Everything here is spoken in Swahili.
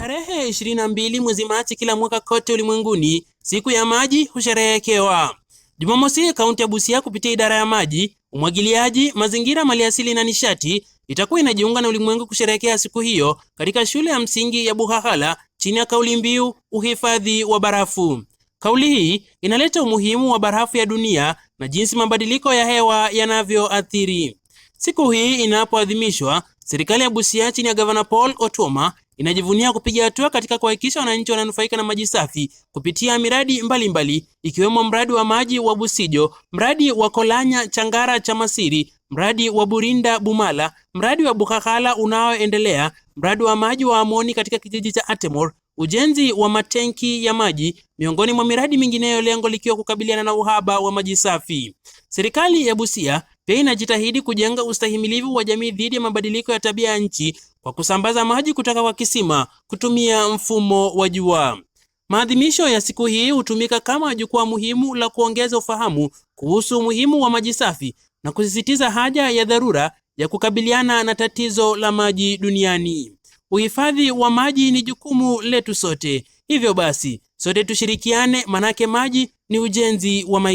Tarehe 22 mwezi Machi kila mwaka kote ulimwenguni, siku ya maji husherehekewa. Jumamosi, kaunti ya Busia kupitia idara ya maji, umwagiliaji, mazingira, maliasili na nishati itakuwa inajiunga na ulimwengu kusherehekea siku hiyo katika shule ya msingi ya Buhahala chini ya kauli mbiu uhifadhi wa barafu. Kauli hii inaleta umuhimu wa barafu ya dunia na jinsi mabadiliko ya hewa yanavyoathiri. Siku hii inapoadhimishwa, serikali ya Busia chini ya gavana Paul Otwoma inajivunia kupiga hatua katika kuhakikisha wananchi wananufaika na maji safi kupitia miradi mbalimbali mbali, ikiwemo mradi wa maji wa Busijo, mradi wa Kolanya Changara cha Masiri, mradi wa Burinda Bumala, mradi wa Bukakala unaoendelea, mradi wa maji wa Amoni katika kijiji cha Atemor, ujenzi wa matenki ya maji miongoni mwa miradi mingineyo, lengo likiwa kukabiliana na uhaba wa maji safi. Serikali ya Busia pia inajitahidi kujenga ustahimilivu wa jamii dhidi ya mabadiliko ya tabia ya nchi kwa kusambaza maji kutoka kwa kisima kutumia mfumo wa jua. Maadhimisho ya siku hii hutumika kama jukwaa muhimu la kuongeza ufahamu kuhusu umuhimu wa maji safi na kusisitiza haja ya dharura ya kukabiliana na tatizo la maji duniani. Uhifadhi wa maji ni jukumu letu sote. Hivyo basi, sote tushirikiane manake maji ni ujenzi wa maisha.